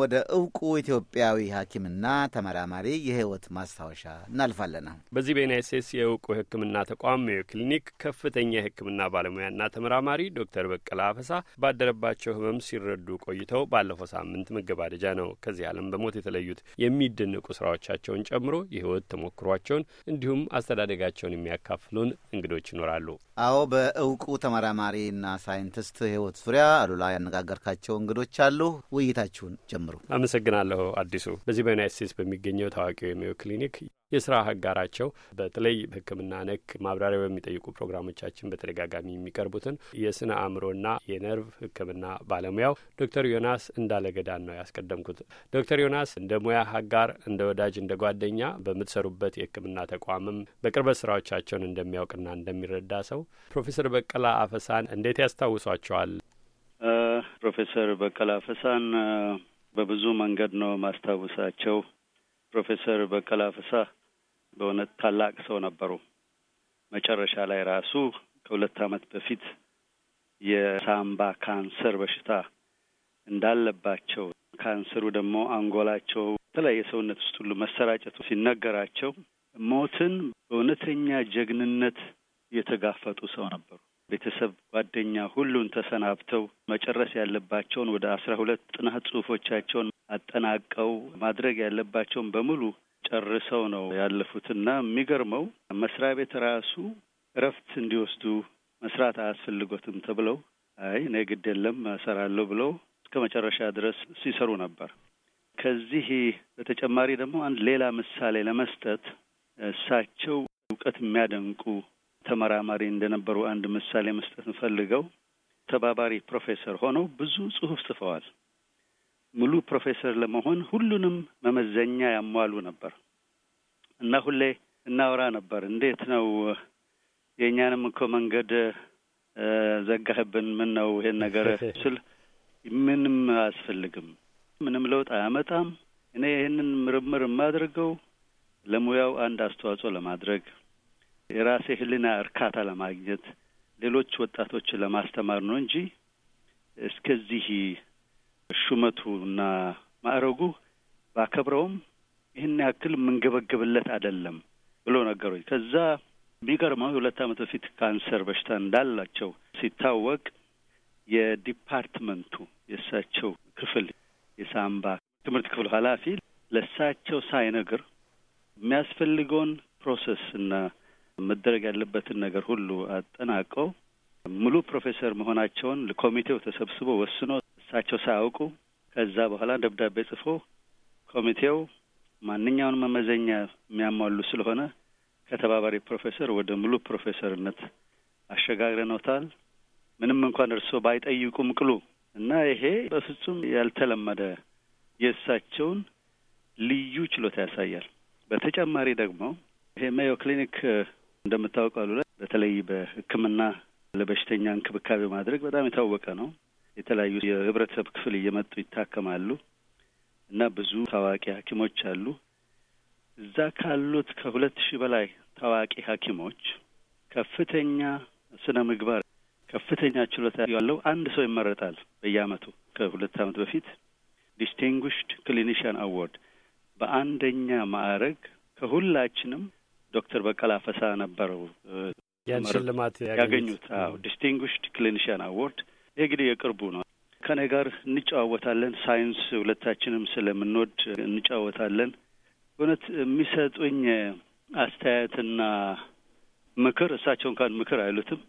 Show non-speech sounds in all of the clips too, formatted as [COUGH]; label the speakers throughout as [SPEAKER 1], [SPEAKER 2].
[SPEAKER 1] ወደ እውቁ ኢትዮጵያዊ ሐኪምና ተመራማሪ የህይወት ማስታወሻ እናልፋለን።
[SPEAKER 2] በዚህ በዩናይት ስቴትስ የእውቁ ሕክምና ተቋም ሜዮ ክሊኒክ ከፍተኛ የሕክምና ባለሙያና ተመራማሪ ዶክተር በቀለ አፈሳ ባደረባቸው ህመም ሲረዱ ቆይተው ባለፈው ሳምንት መገባደጃ ነው ከዚህ ዓለም በሞት የተለዩት። የሚደነቁ ስራዎቻቸውን ጨምሮ የህይወት ተሞክሯቸውን እንዲሁም አስተዳደጋቸውን የሚያካፍሉን እንግዶች ይኖራሉ።
[SPEAKER 1] አዎ በእውቁ ተመራማሪና ሳይንቲስት ህይወት ዙሪያ አሉላ ያነጋገርካቸው እንግዶች አሉ። ውይይታችሁን ጀምሩ። ጀምሩ።
[SPEAKER 2] አመሰግናለሁ አዲሱ። በዚህ በዩናይት ስቴትስ በሚገኘው ታዋቂው የሜዮ ክሊኒክ የስራ አጋራቸው በተለይ ህክምና ነክ ማብራሪያ በሚጠይቁ ፕሮግራሞቻችን በተደጋጋሚ የሚቀርቡትን የስነ አእምሮና የነርቭ ሕክምና ባለሙያው ዶክተር ዮናስ እንዳለገዳን ነው ያስቀደምኩት። ዶክተር ዮናስ እንደ ሙያ አጋር፣ እንደ ወዳጅ፣ እንደ ጓደኛ በምትሰሩበት የሕክምና ተቋምም በቅርበት ስራዎቻቸውን እንደሚያውቅና እንደሚረዳ ሰው ፕሮፌሰር በቀላ አፈሳን እንዴት ያስታውሷቸዋል? ፕሮፌሰር በቀላ አፈሳን በብዙ
[SPEAKER 1] መንገድ ነው ማስታውሳቸው። ፕሮፌሰር በቀለ ፍሳ በእውነት ታላቅ ሰው ነበሩ። መጨረሻ ላይ ራሱ ከሁለት ዓመት በፊት የሳምባ ካንሰር በሽታ እንዳለባቸው ካንሰሩ ደግሞ አንጎላቸው የተለያየ ሰውነት ውስጥ ሁሉ መሰራጨቱ ሲነገራቸው ሞትን በእውነተኛ ጀግንነት የተጋፈጡ ሰው ነበሩ። ቤተሰብ፣ ጓደኛ ሁሉን ተሰናብተው መጨረስ ያለባቸውን ወደ አስራ ሁለት ጥናት ጽሁፎቻቸውን አጠናቀው ማድረግ ያለባቸውን በሙሉ ጨርሰው ነው ያለፉት እና የሚገርመው መስሪያ ቤት ራሱ እረፍት እንዲወስዱ መስራት አያስፈልጎትም ተብለው አይ እኔ ግድ የለም እሰራለሁ ብለው እስከ መጨረሻ ድረስ ሲሰሩ ነበር። ከዚህ በተጨማሪ ደግሞ አንድ ሌላ ምሳሌ ለመስጠት እሳቸው እውቀት የሚያደንቁ ተመራማሪ እንደነበሩ አንድ ምሳሌ መስጠት እንፈልገው። ተባባሪ ፕሮፌሰር ሆነው ብዙ ጽሁፍ ጽፈዋል። ሙሉ ፕሮፌሰር ለመሆን ሁሉንም መመዘኛ ያሟሉ ነበር እና ሁሌ እናወራ ነበር። እንዴት ነው የእኛንም እኮ መንገድ ዘጋህብን? ምን ነው ይሄን ነገር [LAUGHS] ስል ምንም አያስፈልግም፣ ምንም ለውጥ አያመጣም። እኔ ይህንን ምርምር የማደርገው ለሙያው አንድ አስተዋጽኦ ለማድረግ የራሴ ህልና እርካታ ለማግኘት ሌሎች ወጣቶችን ለማስተማር ነው እንጂ እስከዚህ ሹመቱና ማዕረጉ ባከብረውም ይህን ያክል የምንገበገብለት አይደለም ብሎ ነገሩኝ ከዛ የሚገርመው የሁለት ዓመት በፊት ካንሰር በሽታ እንዳላቸው ሲታወቅ የዲፓርትመንቱ የእሳቸው ክፍል የሳምባ ትምህርት ክፍል ኃላፊ ለእሳቸው ሳይነግር የሚያስፈልገውን ፕሮሰስ እና መደረግ ያለበትን ነገር ሁሉ አጠናቀው ሙሉ ፕሮፌሰር መሆናቸውን ኮሚቴው ተሰብስቦ ወስኖ እሳቸው ሳያውቁ ከዛ በኋላ ደብዳቤ ጽፎ ኮሚቴው ማንኛውን መመዘኛ የሚያሟሉ ስለሆነ ከተባባሪ ፕሮፌሰር ወደ ሙሉ ፕሮፌሰርነት አሸጋግረኖታል። ምንም እንኳን እርስዎ ባይጠይቁም ቅሉ እና ይሄ በፍጹም ያልተለመደ የእሳቸውን ልዩ ችሎታ ያሳያል። በተጨማሪ ደግሞ ይሄ ሜዮ ክሊኒክ እንደምታወቀው አሉላ በተለይ በሕክምና ለበሽተኛ እንክብካቤ ማድረግ በጣም የታወቀ ነው። የተለያዩ የህብረተሰብ ክፍል እየመጡ ይታከማሉ እና ብዙ ታዋቂ ሐኪሞች አሉ። እዛ ካሉት ከሁለት ሺህ በላይ ታዋቂ ሐኪሞች ከፍተኛ ስነ ምግባር፣ ከፍተኛ ችሎታ ያለው አንድ ሰው ይመረጣል። በየአመቱ ከሁለት አመት በፊት ዲስቲንጉሽድ ክሊኒሽያን አዋርድ በአንደኛ ማዕረግ ከሁላችንም ዶክተር በቀላ ፈሳ ነበረው
[SPEAKER 2] ያን ሽልማት ያገኙት።
[SPEAKER 1] አዎ ዲስቲንጉሽድ ክሊኒሽን አዋርድ። ይህ እንግዲህ የቅርቡ ነው። ከኔ ጋር እንጨዋወታለን። ሳይንስ ሁለታችንም ስለምንወድ እንጨዋወታለን። በእውነት የሚሰጡኝ አስተያየትና ምክር እሳቸው እንኳን ምክር አይሉትም።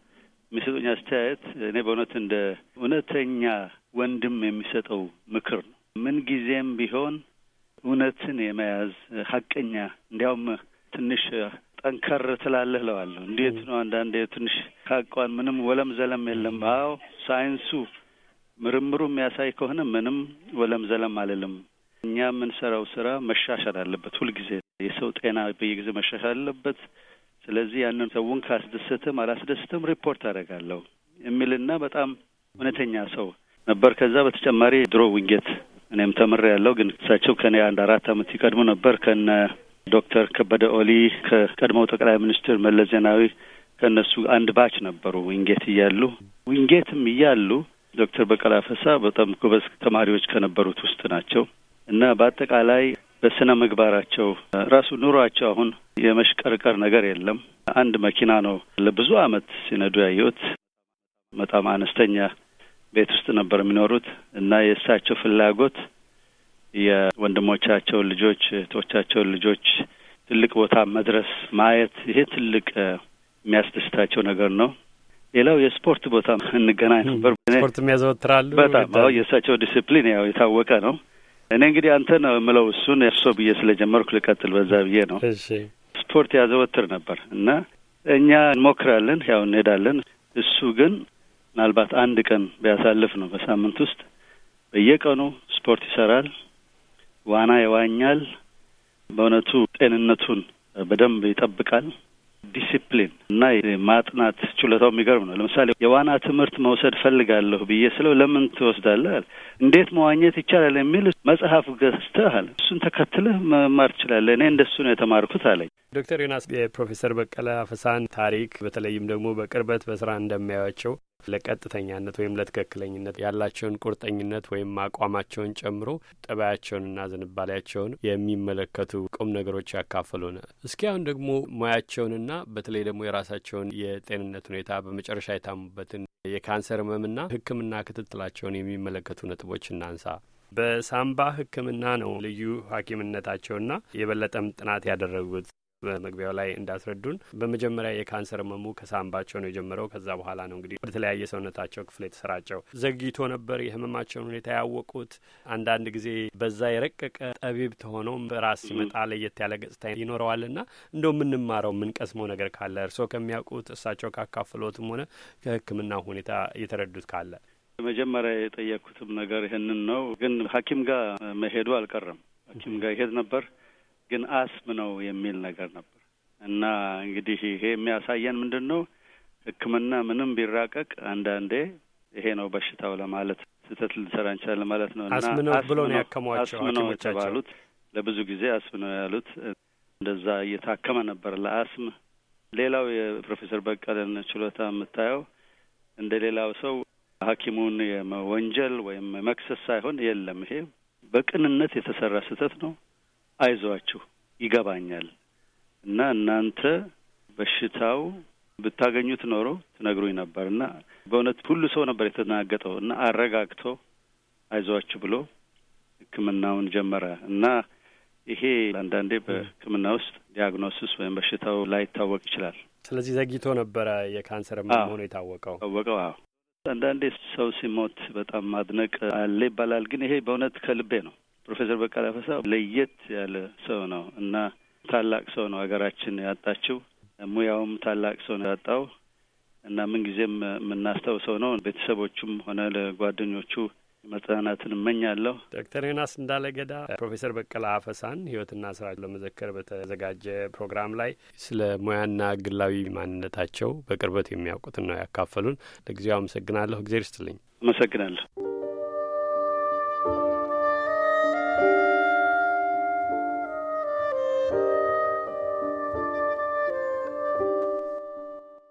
[SPEAKER 1] የሚሰጡኝ አስተያየት እኔ በእውነት እንደ እውነተኛ ወንድም የሚሰጠው ምክር ነው። ምን ጊዜም ቢሆን እውነትን የመያዝ ሀቀኛ እንዲያውም ትንሽ ጠንከር ትላለህ እለዋለሁ። እንዴት ነው አንዳንዴ ትንሽ ካቋን ምንም ወለም ዘለም የለም። አዎ ሳይንሱ ምርምሩ የሚያሳይ ከሆነ ምንም ወለም ዘለም አልልም። እኛ የምንሰራው ስራ መሻሻል አለበት። ሁልጊዜ የሰው ጤና በየጊዜ መሻሻል አለበት። ስለዚህ ያንን ሰውን ካስደስትም አላስደስትም ሪፖርት አደርጋለሁ የሚልና በጣም እውነተኛ ሰው ነበር። ከዛ በተጨማሪ ድሮ ውንጌት እኔም ተምሬ ያለው ግን እሳቸው ከኔ አንድ አራት አመት ይቀድሙ ነበር ከነ ዶክተር ከበደ ኦሊ ከቀድሞው ጠቅላይ ሚኒስትር መለስ ዜናዊ ከእነሱ አንድ ባች ነበሩ። ዊንጌት እያሉ ዊንጌትም እያሉ ዶክተር በቀላ ፈሳ በጣም ጎበዝ ተማሪዎች ከነበሩት ውስጥ ናቸው እና በአጠቃላይ በስነ ምግባራቸው ራሱ ኑሯቸው አሁን የመሽቀርቀር ነገር የለም። አንድ መኪና ነው ለብዙ አመት ሲነዱ ያየሁት። በጣም አነስተኛ ቤት ውስጥ ነበር የሚኖሩት እና የእሳቸው ፍላጎት የወንድሞቻቸውን ልጆች እህቶቻቸውን ልጆች ትልቅ ቦታ መድረስ ማየት፣ ይሄ ትልቅ የሚያስደስታቸው ነገር ነው። ሌላው የስፖርት ቦታ እንገናኝ ነበር። ስፖርት የሚያዘወትራሉ በጣም አሁ የእሳቸው ዲስፕሊን ያው የታወቀ ነው። እኔ እንግዲህ አንተ ነው የምለው እሱን እርሶ ብዬ ስለጀመርኩ ልቀጥል በዛ ብዬ ነው። ስፖርት ያዘወትር ነበር እና እኛ እንሞክራለን፣ ያው እንሄዳለን። እሱ ግን ምናልባት አንድ ቀን ቢያሳልፍ ነው በሳምንት ውስጥ በየቀኑ ስፖርት ይሰራል። ዋና ይዋኛል። በእውነቱ ጤንነቱን በደንብ ይጠብቃል። ዲሲፕሊን እና ማጥናት ችሎታው የሚገርም ነው። ለምሳሌ የዋና ትምህርት መውሰድ ፈልጋለሁ ብዬ ስለው ለምን ትወስዳለህ አለ። እንዴት መዋኘት ይቻላል የሚል መጽሐፍ ገዝተህ አለ እሱን ተከትለህ መማር ትችላለህ። እኔ እንደሱ ነው የተማርኩት አለኝ።
[SPEAKER 2] ዶክተር ዮናስ የፕሮፌሰር በቀለ አፈሳን ታሪክ በተለይም ደግሞ በቅርበት በስራ እንደሚያያቸው ለቀጥተኛነት ወይም ለትክክለኝነት ያላቸውን ቁርጠኝነት ወይም አቋማቸውን ጨምሮ ጠባያቸውንና ዝንባሌያቸውን የሚመለከቱ ቁም ነገሮች ያካፈሉን። እስኪ አሁን ደግሞ ሙያቸውንና በተለይ ደግሞ የራሳቸውን የጤንነት ሁኔታ በመጨረሻ የታሙበትን የካንሰር ህመምና ሕክምና ክትትላቸውን የሚመለከቱ ነጥቦች እናንሳ። በሳምባ ሕክምና ነው ልዩ ሐኪምነታቸውና የበለጠም ጥናት ያደረጉት በመግቢያው ላይ እንዳስረዱን በመጀመሪያ የካንሰር ህመሙ ከሳምባቸው ነው የጀመረው። ከዛ በኋላ ነው እንግዲህ ወደ ተለያየ ሰውነታቸው ክፍል የተሰራጨው። ዘግይቶ ነበር የህመማቸውን ሁኔታ ያወቁት። አንዳንድ ጊዜ በዛ የረቀቀ ጠቢብ ተሆነውም በራስ ሲመጣ ለየት ያለ ገጽታ ይኖረዋልና እንደው የምንማረው የምንቀስመው ነገር ካለ እርስዎ ከሚያውቁት እሳቸው ካካፍሎትም ሆነ ከህክምና ሁኔታ የተረዱት ካለ
[SPEAKER 1] መጀመሪያ የጠየቅኩትም ነገር ይህንን ነው። ግን ሐኪም ጋር መሄዱ አልቀረም። ሐኪም ጋር ይሄድ ነበር ግን አስም ነው የሚል ነገር ነበር እና እንግዲህ ይሄ የሚያሳየን ምንድን ነው ሕክምና ምንም ቢራቀቅ አንዳንዴ ይሄ ነው በሽታው ለማለት ስህተት ልንሰራ እንችላለን ማለት ነው። እና አስም ነው ብሎ ነው ያከሟቸው አስም ነው የተባሉት ለብዙ ጊዜ አስም ነው ያሉት እንደዛ እየታከመ ነበር ለአስም። ሌላው የፕሮፌሰር በቀለን ችሎታ የምታየው እንደ ሌላው ሰው ሐኪሙን የመወንጀል ወይም መክሰስ ሳይሆን የለም ይሄ በቅንነት የተሰራ ስህተት ነው። አይዟችሁ ይገባኛል እና እናንተ በሽታው ብታገኙት ኖሮ ትነግሩኝ ነበር እና በእውነት ሁሉ ሰው ነበር የተናገጠው እና አረጋግቶ አይዟችሁ ብሎ ሕክምናውን ጀመረ እና ይሄ አንዳንዴ በሕክምና ውስጥ ዲያግኖሲስ ወይም በሽታው ላይታወቅ ይችላል።
[SPEAKER 2] ስለዚህ ዘግይቶ ነበረ የካንሰር መሆኑ የታወቀው
[SPEAKER 1] ታወቀው። አዎ አንዳንዴ ሰው ሲሞት በጣም ማድነቅ አለ ይባላል፣ ግን ይሄ በእውነት ከልቤ ነው። ፕሮፌሰር በቀለ አፈሳ ለየት ያለ ሰው ነው እና ታላቅ ሰው ነው ሀገራችን ያጣችው። ሙያውም ታላቅ ሰው ነው ያጣው እና ምንጊዜም የምናስታውሰው ነው። ቤተሰቦቹም ሆነ ለጓደኞቹ መጽናናትን እመኛለሁ።
[SPEAKER 2] ዶክተር ዮናስ እንዳለገዳ ፕሮፌሰር በቀለ አፈሳን ህይወትና ስራ ለመዘከር በተዘጋጀ ፕሮግራም ላይ ስለ ሙያና ግላዊ ማንነታቸው በቅርበት የሚያውቁትን ነው ያካፈሉን። ለጊዜው አመሰግናለሁ። እግዜር ይስጥልኝ። አመሰግናለሁ።